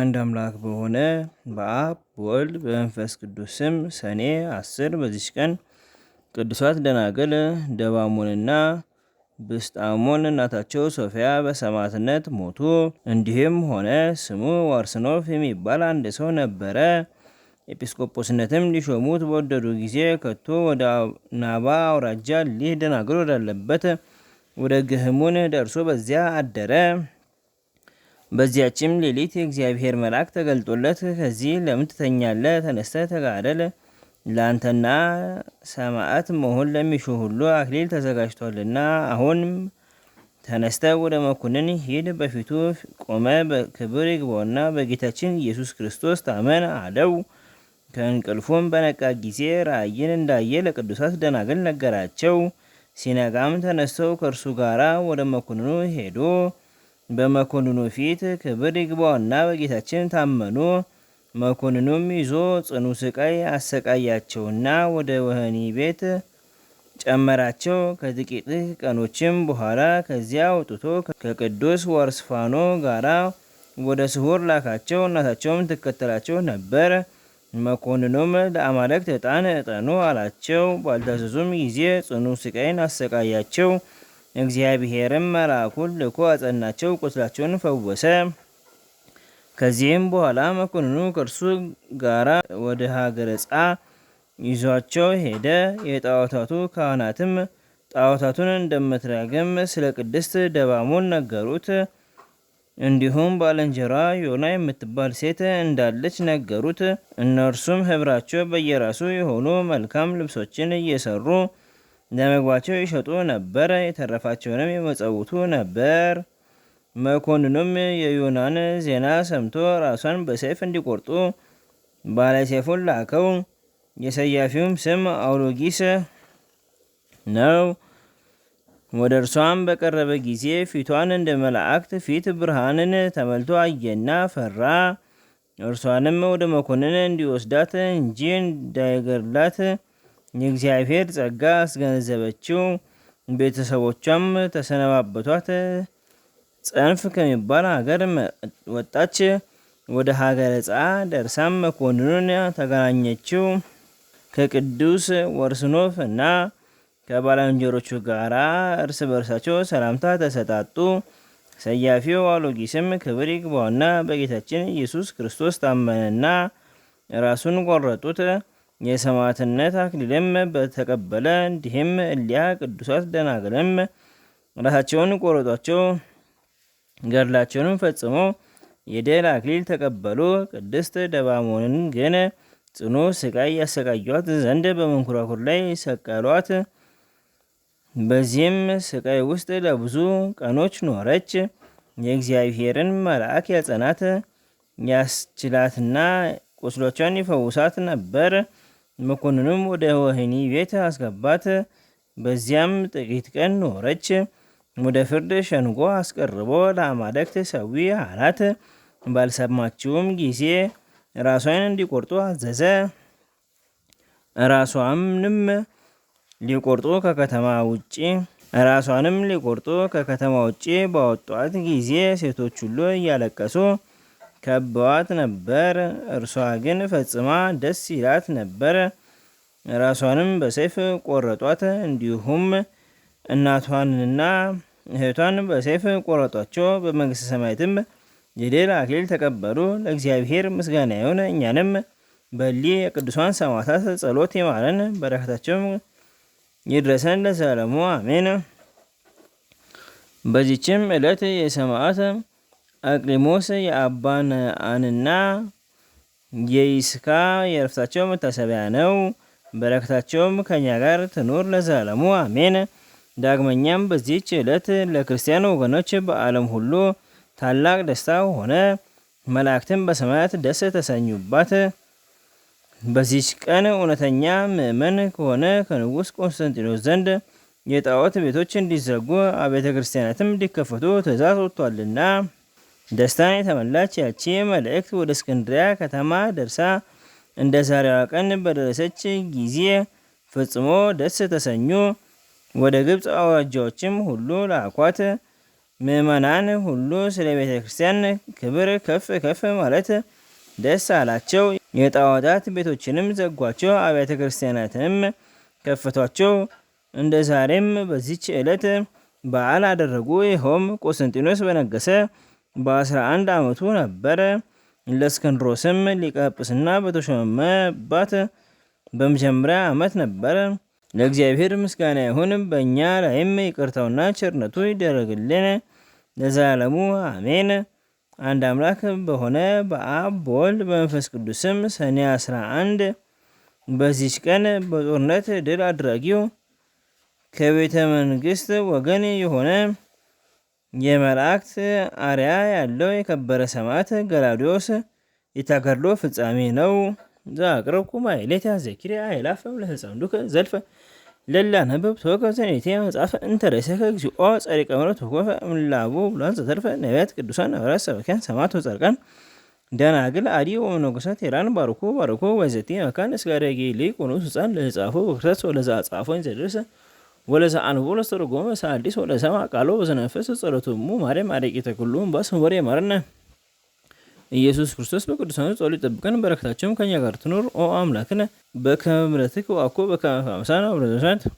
አንድ አምላክ በሆነ በአብ ወልድ በመንፈስ ቅዱስ ስም ሰኔ አስር በዚች ቀን ቅዱሳት ደናግል ደባሞንና ብስጣሞን እናታቸው ሶፊያ በሰማዕትነት ሞቱ። እንዲህም ሆነ፣ ስሙ ዋርስኖፍ የሚባል አንድ ሰው ነበረ። ኤጲስቆጶስነትም ሊሾሙት በወደዱ ጊዜ ከቶ ወደ ናባ አውራጃ ሊህ ደናግል ወዳለበት ወደ ግህሙን ደርሶ በዚያ አደረ። በዚያችም ሌሊት የእግዚአብሔር መልአክ ተገልጦለት ከዚህ ለምን ትተኛለህ? ተነስተህ ተጋደል፣ ለአንተና ሰማዕት መሆን ለሚሹ ሁሉ አክሊል ተዘጋጅቷልና። አሁንም ተነስተ ወደ መኮንን ሂድ፣ በፊቱ ቆመ፣ በክብር ይግባውና በጌታችን ኢየሱስ ክርስቶስ ታመን አለው። ከእንቅልፉም በነቃ ጊዜ ራእይን እንዳየ ለቅዱሳት ደናግል ነገራቸው። ሲነጋም ተነስተው ከእርሱ ጋራ ወደ መኮንኑ ሄዱ። በመኮንኑ ፊት ክብር ይግባውና በጌታችን ታመኑ። መኮንኑም ይዞ ጽኑ ስቃይ አሰቃያቸውና ወደ ወህኒ ቤት ጨመራቸው። ከጥቂት ቀኖችም በኋላ ከዚያ አውጥቶ ከቅዱስ ወርስፋኖ ጋራ ወደ ስሁር ላካቸው። እናታቸውም ትከተላቸው ነበር። መኮንኑም ለአማልክት ዕጣን እጠኑ አላቸው። ባልታዘዙም ጊዜ ጽኑ ስቃይን አሰቃያቸው። እግዚአብሔርም መልአኩን ልኮ አጸናቸው፣ ቁስላቸውን ፈወሰ። ከዚህም በኋላ መኮንኑ ከእርሱ ጋራ ወደ ሀገረ ጻ ይዟቸው ሄደ። የጣዖታቱ ካህናትም ጣዖታቱን እንደምትረግም ስለ ቅድስት ደባሞን ነገሩት። እንዲሁም ባለንጀራ ዮና የምትባል ሴት እንዳለች ነገሩት። እነርሱም ህብራቸው በየራሱ የሆኑ መልካም ልብሶችን እየሰሩ ለመግባቸው ይሸጡ ነበር፣ የተረፋቸውንም ይመጸውቱ ነበር። መኮንኑም የዮናን ዜና ሰምቶ ራሷን በሰይፍ እንዲቆርጡ ባለሰይፉን ላከው። የሰያፊውም ስም አውሎጊስ ነው። ወደ እርሷም በቀረበ ጊዜ ፊቷን እንደ መላእክት ፊት ብርሃንን ተመልቶ አየና ፈራ። እርሷንም ወደ መኮንን እንዲወስዳት እንጂ እንዳይገድላት የእግዚአብሔር ጸጋ አስገነዘበችው። ቤተሰቦቿም ተሰነባበቷት። ጸንፍ ከሚባል ሀገር ወጣች። ወደ ሀገረ ጻ ደርሳም መኮንኑን ተገናኘችው። ከቅዱስ ወርስኖፍ እና ከባለንጀሮቹ ጋራ እርስ በርሳቸው ሰላምታ ተሰጣጡ። ሰያፊው አሎጊስም ክብር ይግባውና በጌታችን ኢየሱስ ክርስቶስ ታመነና ራሱን ቆረጡት። የሰማዕትነት አክሊልም በተቀበለ እንዲህም እሊያ ቅዱሳት ደናግልም ራሳቸውን ቆረጧቸው፣ ገድላቸውንም ፈጽሞ የደል አክሊል ተቀበሉ። ቅድስት ደባሞንን ግን ጽኑ ስቃይ ያሰቃዩት ዘንድ በመንኮራኩር ላይ ሰቀሏት። በዚህም ስቃይ ውስጥ ለብዙ ቀኖች ኖረች። የእግዚአብሔርን መልአክ ያጸናት ያስችላትና ቁስሎቿን ይፈውሳት ነበር። መኮንንም ወደ ወህኒ ቤት አስገባት። በዚያም ጥቂት ቀን ኖረች። ወደ ፍርድ ሸንጎ አስቀርቦ ለአማልክት ሰዊ አላት። ባልሰማችውም ጊዜ ራሷን እንዲቆርጡ አዘዘ። ራሷንም ሊቆርጡ ከከተማ ውጭ ራሷንም ሊቆርጡ ከከተማ ውጭ ባወጧት ጊዜ ሴቶች ሁሉ እያለቀሱ ከበዋት ነበር። እርሷ ግን ፈጽማ ደስ ይላት ነበር። ራሷንም በሰይፍ ቆረጧት። እንዲሁም እናቷንና እህቷን በሰይፍ ቆረጧቸው። በመንግስተ ሰማያትም የድል አክሊል ተቀበሉ። ለእግዚአብሔር ምስጋና ይሁን። እኛንም በሊ የቅዱሳን ሰማዕታት ጸሎት ይማረን፣ በረከታቸውም ይድረሰን ለዘላለሙ አሜን። በዚችም ዕለት የሰማዕት አቅሊሞስ የአባ ነአንና የይስካ የዕረፍታቸው መታሰቢያ ነው። በረከታቸውም ከእኛ ጋር ትኑር ለዘላለሙ አሜን። ዳግመኛም በዚህች ዕለት ለክርስቲያን ወገኖች በዓለም ሁሉ ታላቅ ደስታ ሆነ። መላእክትም በሰማያት ደስ ተሰኙባት። በዚች ቀን እውነተኛ ምእመን ከሆነ ከንጉሥ ቆንስጠንጢኖስ ዘንድ የጣዖት ቤቶች እንዲዘጉ አብያተ ክርስቲያናትም እንዲከፈቱ ትእዛዝ ወጥቷልና ደስታን የተመላች ያቺ መልእክት ወደ እስክንድሪያ ከተማ ደርሳ እንደ ዛሬዋ ቀን በደረሰች ጊዜ ፈጽሞ ደስ ተሰኙ። ወደ ግብፅ አውራጃዎችም ሁሉ ላኳት። ምእመናን ሁሉ ስለ ቤተ ክርስቲያን ክብር ከፍ ከፍ ማለት ደስ አላቸው። የጣዖታት ቤቶችንም ዘጓቸው፣ አብያተ ክርስቲያናትንም ከፍቷቸው እንደ ዛሬም በዚች ዕለት በዓል አደረጉ። ይኸውም ቆስጠንጢኖስ በነገሰ በ11 ዓመቱ ነበር። ለእስክንድሮስም ሊቀ ጵጵስና ባት በመጀመሪያ ዓመት ነበር። ለእግዚአብሔር ምስጋና ይሁን፣ በእኛ ላይም ይቅርታውና ቸርነቱ ይደረግልን ለዘላለሙ አሜን። አንድ አምላክ በሆነ በአብ በወልድ በመንፈስ ቅዱስም ሰኔ 11 በዚች ቀን በጦርነት ድል አድራጊው ከቤተ መንግስት ወገን የሆነ የመላእክት አርያ ያለው የከበረ ሰማዕት ገላውዴዎስ የተጋድሎ ፍጻሜ ነው። ሌታ ዘኪሪ ዘኪረ አእላፈ ለተጸምዱከ ዘልፈ ለላ ነበብ ተወከ ዘኔቴ መጻፈ እንተረሰከ እግዚኦ ጸሪቀ ምረት ተኮፈ እምላቡ ብሉዓን ዘተርፈ ነቢያት፣ ቅዱሳን፣ ሐዋርያት፣ ሰባክያን፣ ሰማዕታት ወጻድቃን ደናግል አዲ ወመነኮሳት ሄራን ባርኩ ባርኮ ወዘቲ መካን እስጋደጌ አረጌ ሊቅ ወንዑስ ሕፃን ለሕጻፎ በክርስቶስ ወለዘ አጻፎን ዘደርሰ ወለሰአልቦ ለስተርጎመ ሰአዲስ ወለሰማ ቃሎ በሰነፈስ ሙ ማርያም አደቂተ ኩሉም እምባሰ ወሬ ማርነ ኢየሱስ ክርስቶስ በቅዱሳኑ ጸሎት ይጠብቀን፣ በረከታቸውም ከኛ ጋር ትኖር። ኦ አምላክነ በከመ ምሕረትከ ወአኮ በከመ አምሳልና ወበረከተ